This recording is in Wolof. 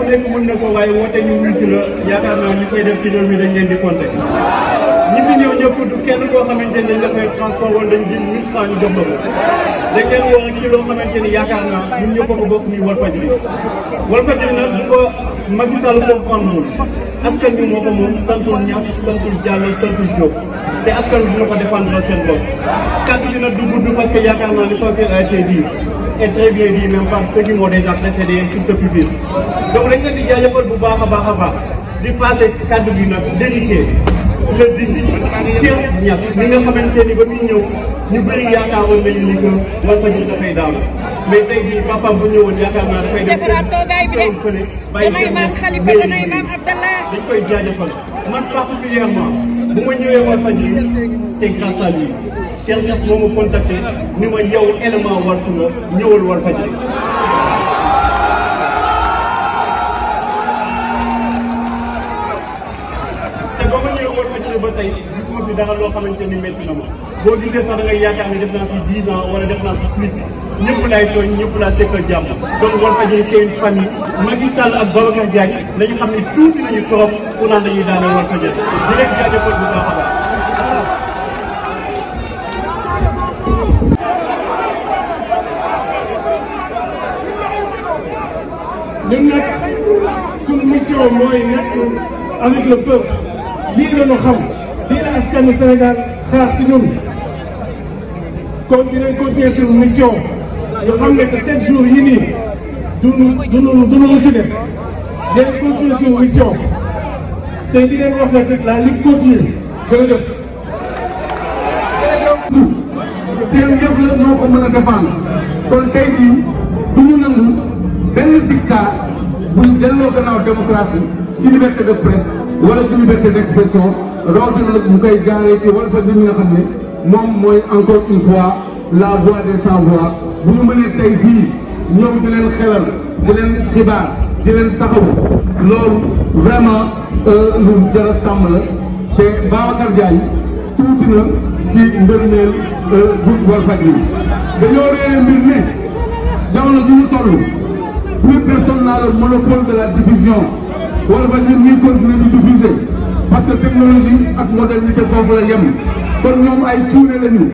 ku nekk mën na ko waaye woote ñu wuy si la yaakaar naa ñu koy def ci réew mi dañ leen di compter ñi fi ñëw ñëpp kenn koo xamante ni dañ la koy transport wala dañ ji mille francs ñu jox la ko dañ leen woo ci loo xamante ni yaakaar naa ñun ñëpp ko bokk muy moom askan bi moo ko moom santul Niass santul Diallo santul Diop te askan dina ko défendre seen bopp kàddu dina du gudd parce que yaakaar naa l'essentiel a été dit est très bien dit même par ceux qui m'ont déjà précédé sur ce public donc dañ leen di jaajëfal bu baax a baax a baax di kàddu gi nag dédité le di Cheikh Niass mi nga xamante ni ba muy ñëw ñu bëri yaakaaroon nañu ni que Walfadjri dafay daanu mais tey jii papa bu ñëwoon yaakaar naa dafay dem toog fële bàyyi Cheikh Niass léegi dañ koy jaajëfal man particulièrement bu ma ñëwee Walfadjri c'est grâce à lui Cheikh Niass moo ma contacté ni ma yow élément Walf nga ñëwal Walfadjri te ba ma ñëwee Walfadjri ba xamante ni métti na ma boo gisee sax da ngay yaakaar ni def naa fi 10 ans wala def naa fi plus ñëpp laay tooñ jàmm donc Walfadjri c'est une famille Macky ak Babacar nañu xam ne tuuti nañu trop pour naan dañuy daaneel Walfadjri di leen jaajëfal bu baax a baax ñun nag suñu mission mooy nekk avec le lii la ñu xam lii askanu Sénégal xaar si ñun. kon dinañ continuer suñu mission ñu xam ne que sept jours yi nii du du du du lu ci def dinañ continuer suñu mission te li ngeen wax nag la ligne continue jërëjëf. seen yëpp la ñoo ko mën a défendre kon tey jii. politique car delloo gannaaw démocratie ci liberté de presse wala ci liberté d' expression rawatina nag mu koy jaaree ci wala fa nit xam ne moom mooy encore une fois la vois des sans voix bu ñu mënee tey fii ñoom di leen xelal di leen xibaar di leen taxaw loolu vraiment euh, lu jar a sàmm la te Babacar Diagne tuuti na ci ndërmeel euh, groupe Walfadjri dañoo réere mbir ne jamono ji ñu a le monopole de la diffusion wala fa ñun ñuy continuer di diffuser parce que technologie ak modernité foofu la yem kon ñoom ay cuune lañu